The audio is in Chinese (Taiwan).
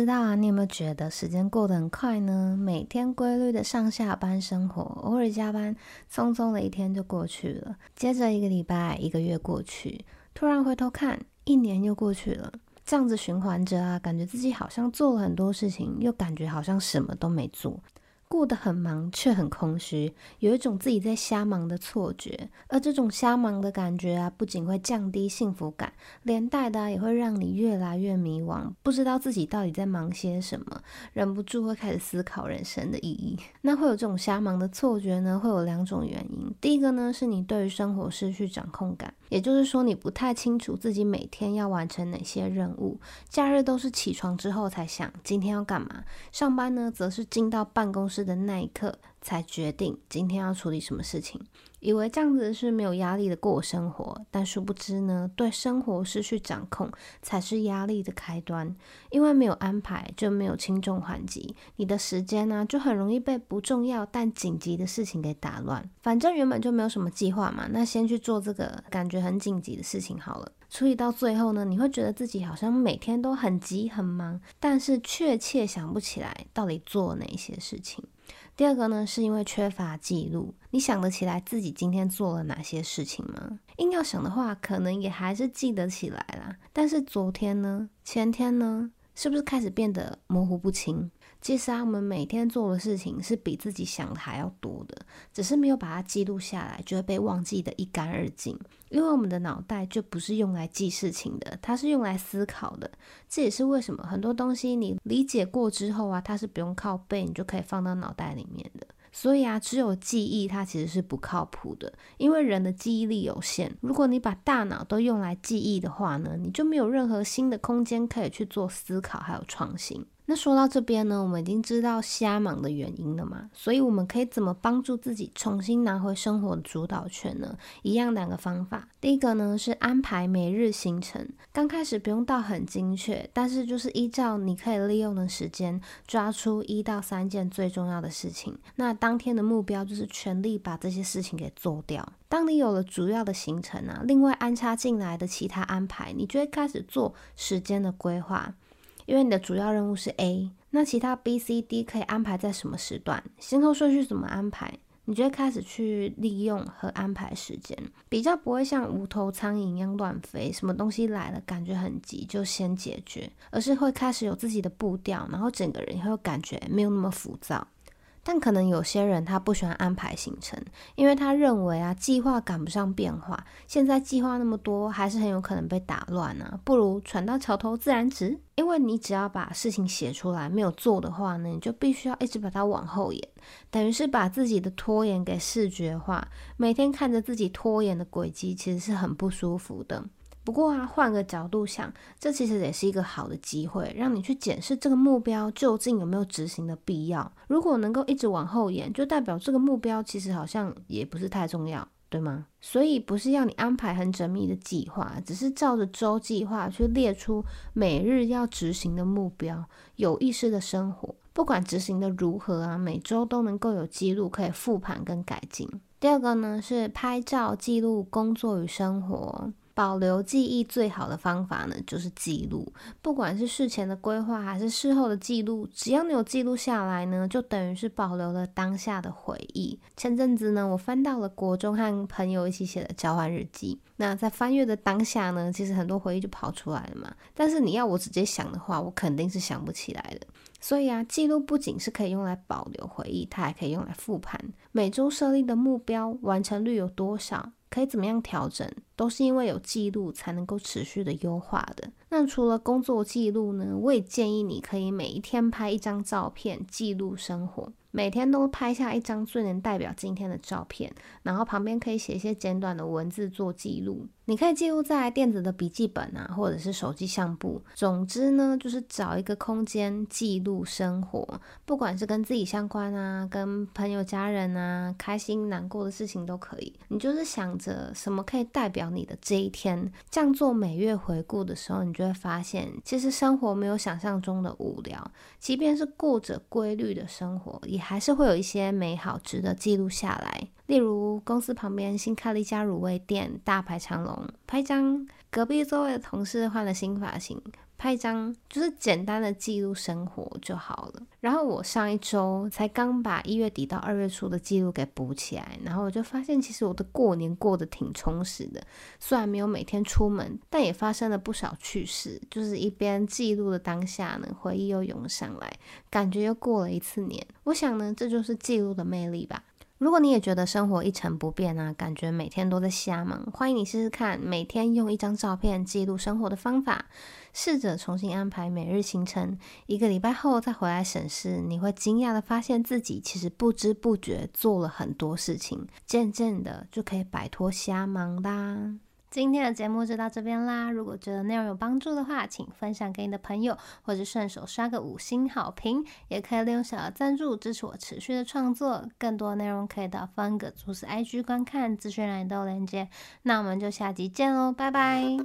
知道啊，你有沒有覺得時間過得很快呢？每天規律的上下班生活，偶爾加班，匆匆的一天就過去了。接着一個禮拜、一個月過去，突然回頭看，一年又過去了。這樣子循環着啊，感覺自己好像做了很多事情，又感覺好像什麼都沒做。過得很忙，卻很空虛，有一種自己在瞎忙的錯覺。而這種瞎忙的感覺啊，不僅會降低幸福感，連帶的啊，也會讓你越來越迷惘，不知道自己到底在忙些什麼，忍不住會開始思考人生的意義。那會有這種瞎忙的錯覺呢？會有兩種原因。第一個呢，是你對於生活失去掌控感，也就是說，你不太清楚自己每天要完成哪些任務，假日都是起床之後才想今天要幹嘛，上班呢，則是進到辦公室。的那一刻，才決定今天要處理什麼事情。以為這樣子是沒有壓力的過生活，但殊不知呢，對生活失去掌控才是壓力的開端。因為沒有安排，就沒有輕重緩急，你的時間呢，啊，就很容易被不重要但緊急的事情給打亂。反正原本就沒有什麼計劃嘛，那先去做這個感覺很緊急的事情好了。處理到最後呢，你會覺得自己好像每天都很急很忙，但是確切想不起來到底做了哪些事情。第二個呢，是因為缺乏記錄，你想得起來自己今天做了哪些事情嗎？硬要想的話，可能也還是記得起來啦。但是昨天呢、前天呢，是不是開始變得模糊不清？其實啊，我們每天做的事情是比自己想的還要多的，只是沒有把它記錄下來，就會被忘記得一乾二淨。因為我們的腦袋就不是用來記事情的，它是用來思考的。這也是為什麼很多東西你理解過之後啊，它是不用靠背，你就可以放到腦袋裡面的。所以啊，只有記憶它其實是不靠譜的，因為人的記憶力有限，如果你把大腦都用來記憶的話呢，你就沒有任何新的空間可以去做思考還有創新。那說到這邊呢，我們已經知道瞎忙的原因了嘛，所以我們可以怎麼幫助自己重新拿回生活的主導權呢？一樣兩個方法，第一個呢是安排每日行程，剛開始不用到很精確，但是就是依照你可以利用的時間，抓出一到三件最重要的事情。那當天的目標就是全力把這些事情給做掉。當你有了主要的行程啊，另外安插進來的其他安排，你就會開始做時間的規劃。因為你的主要任務是 A，那其他 B、C、D 可以安排在什麼時段？先後順序怎麼安排？你就會開始去利用和安排時間，比較不會像無頭蒼蠅一樣亂飛。什麼東西來了，感覺很急就先解決，而是會開始有自己的步調，然後整個人也會感覺沒有那麼浮躁。但可能有些人他不喜歡安排行程，因為他認為啊計劃趕不上變化，現在計劃那麼多，還是很有可能被打亂呢、啊。不如船到橋頭自然直，因為你只要把事情寫出來，沒有做的話呢，你就必須要一直把它往後延，等於是把自己的拖延給視覺化，每天看着自己拖延的軌跡，其實是很不舒服的。不過啊，換個角度想，這其實也是一個好的機會，讓你去檢視這個目標究竟有沒有執行的必要。如果能夠一直往後延，就代表這個目標其實好像也不是太重要，對嗎？所以不是要你安排很縝密的計劃，只是照着周計劃去列出每日要執行的目標，有意識的生活，不管執行的如何啊，每周都能夠有記錄可以覆盤跟改進。第二個呢，是拍照記錄工作與生活。保留記憶最好的方法呢，就是記錄。不管是事前的規劃，還是事後的記錄，只要你有記錄下來呢，就等於是保留了當下的回憶。前陣子呢，我翻到了國中和朋友一起寫的交換日記。那在翻閱的當下呢，其實很多回憶就跑出來了嘛。但是你要我直接想的話，我肯定是想不起來的。所以啊，記錄不僅是可以用來保留回憶，它還可以用來復盤。每周設立的目標完成率有多少？可以怎麼樣調整？都是因為有記錄，才能夠持續的優化的。那除了工作記錄呢？我也建議你可以每一天拍一張照片記錄生活，每天都拍下一張最能代表今天的照片，然後旁邊可以寫一些簡短的文字做記錄。你可以記錄在電子的筆記本啊，或者是手機相簿。總之呢，就是找一個空間記錄生活，不管是跟自己相關啊，跟朋友家人啊，開心難過的事情都可以。你就是想着什麼可以代表你的這一天，這樣做每月回顧的時候，你。就會發現，其實生活沒有想象中的無聊。即便是過着規律的生活，也還是會有一些美好值得記錄下來。例如，公司旁邊新開了一家滷味店，大排長龍，拍張；隔壁座位的同事換了新髮型。拍一張就是簡單的記錄生活就好了。然後我上一周才剛把一月底到二月初的記錄給補起來，然後我就發現其實我的過年過得挺充實的，雖然沒有每天出門，但也發生了不少趣事。就是一邊記錄的當下呢，回憶又湧上來，感覺又過了一次年。我想呢，這就是記錄的魅力吧。如果你也覺得生活一成不變啊，感覺每天都在瞎忙，歡迎你試試看每天用一張照片記錄生活的方法，試着重新安排每日行程，一個禮拜後再回來審視，你會驚訝的發現自己其實不知不覺做了很多事情，漸漸的就可以擺脫瞎忙啦！今天的節目就到這邊啦！如果覺得內容有幫助的話，請分享給你的朋友，或者順手刷個五星好評，也可以利用小額贊助支持我持續的創作。更多內容可以到方格主持 IG 觀看、資訊欄都有鏈接。那我們就下集見嘍，拜拜！